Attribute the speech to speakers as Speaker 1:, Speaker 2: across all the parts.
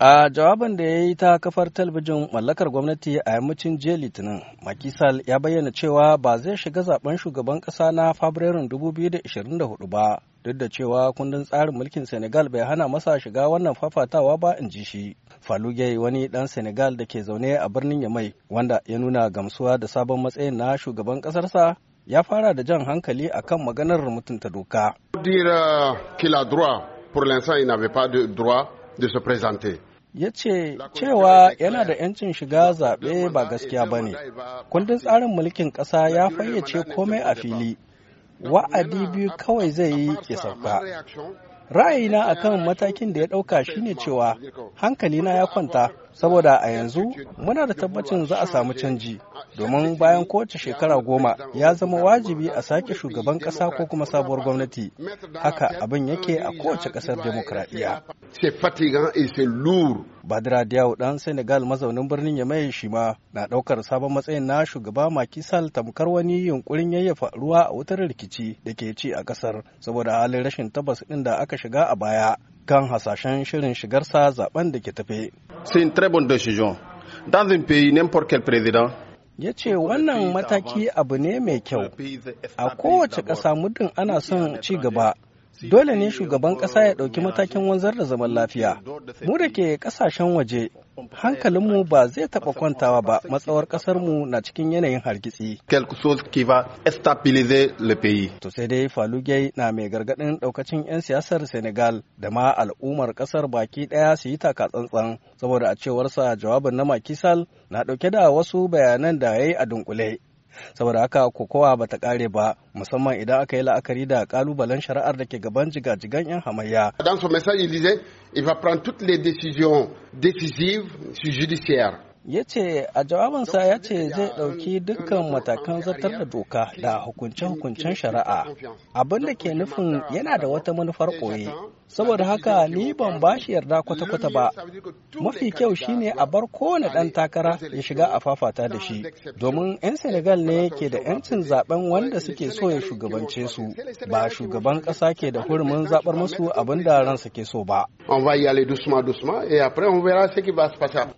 Speaker 1: A jawabin da ya yi ta kafar talabijin mallakar gwamnati a yammacin jiya Litinin, Makisal ya bayyana cewa ba zai shiga zaben shugaban ƙasa na Fabrairun 2024 ba, duk da cewa kundin tsarin mulkin Senegal bai hana masa shiga wannan fafatawa ba in ji shi. Faluge wani dan Senegal da ke zaune a birnin Yamai, wanda ya nuna gamsuwa da sabon matsayin na shugaban ƙasarsa, ya fara da jan hankali akan maganar mutunta doka. da su présenter. ya ce cewa yana da 'yancin shiga zaɓe ba gaskiya ba ne kundin tsarin mulkin ƙasa ya fayyace komai a fili wa'adi biyu kawai zai yi ke sauka ra'ayina akan matakin da ya ɗauka shine cewa hankalina ya kwanta saboda a yanzu muna da tabbacin za a samu canji domin bayan kowace shekara goma ya zama wajibi a sake shugaban ƙasa ko kuma sabuwar gwamnati haka abin yake a kowace ƙasar demokradiyya. Badira Diaw ɗan Senegal mazaunin birnin Yamai shi ma na ɗaukar sabon matsayin na shugaba Macky Sall tamkar wani yunkurin yayyafa ruwa a wutar rikici da ke ci a ƙasar saboda halin rashin tabbas ɗin da aka shiga a baya kan hasashen shirin shigarsa zaben da ke tafe. ya ce wannan mataki abu ne mai kyau a kowace ƙasa muddin ana son ci gaba dole ne shugaban ƙasa ya ɗauki matakin wanzar da zaman lafiya. Mu da ke ƙasashen waje, hankalinmu ba zai taɓa kwantawa ba matsawar ƙasarmu na cikin yanayin hargitsi. To sai dai Falugai na mai gargadin ɗaukacin 'yan siyasar Senegal da ma al'ummar ƙasar baki ɗaya su yi taka tsantsan saboda a cewarsa jawabin na Makisal na ɗauke da wasu bayanan da ya yi a dunkule. saboda haka kokowa bata kare ba musamman idan aka yi la'akari da kalubalen shari'ar da ke gaban jigajigan 'yan hamayya. Dans son message, il disait, il va prendre toutes les décisions décisives sur judiciaire. ya ce a jawabinsa ya ce zai ɗauki dukkan matakan zartar da doka da hukunce-hukuncen shari'a abin da ke nufin yana da wata manufar ɓoye saboda haka ni ban bashi yarda kwata-kwata ba mafi kyau shine a bar kowane ɗan takara ya shiga a fafata da shi domin 'yan senegal ne ke da 'yancin zaben wanda suke so ya shugabance su ba shugaban ƙasa ke da hurumin zaɓar musu abin da ransa ke so ba.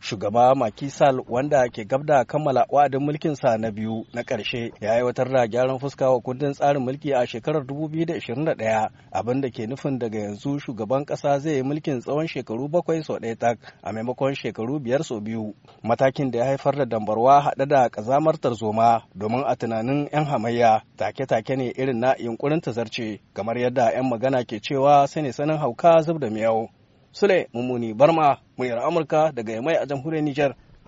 Speaker 1: Shugaba Makisa Faisal wanda ke gabda da kammala wa'adin sa na biyu na ƙarshe ya aiwatar da gyaran fuska wa kundin tsarin mulki a shekarar 2021 abin da ke nufin daga yanzu shugaban ƙasa zai yi mulkin tsawon shekaru bakwai sau ɗaya tak a maimakon shekaru biyar sau biyu matakin da ya haifar da dambarwa haɗe da ƙazamar tarzoma domin a tunanin 'yan hamayya take-take ne irin na yunkurin tazarce kamar yadda 'yan magana ke cewa ne sanin hauka zub da miyau Sule Mummuni Barma, muryar Amurka daga Yamai a jamhuriyar Nijar.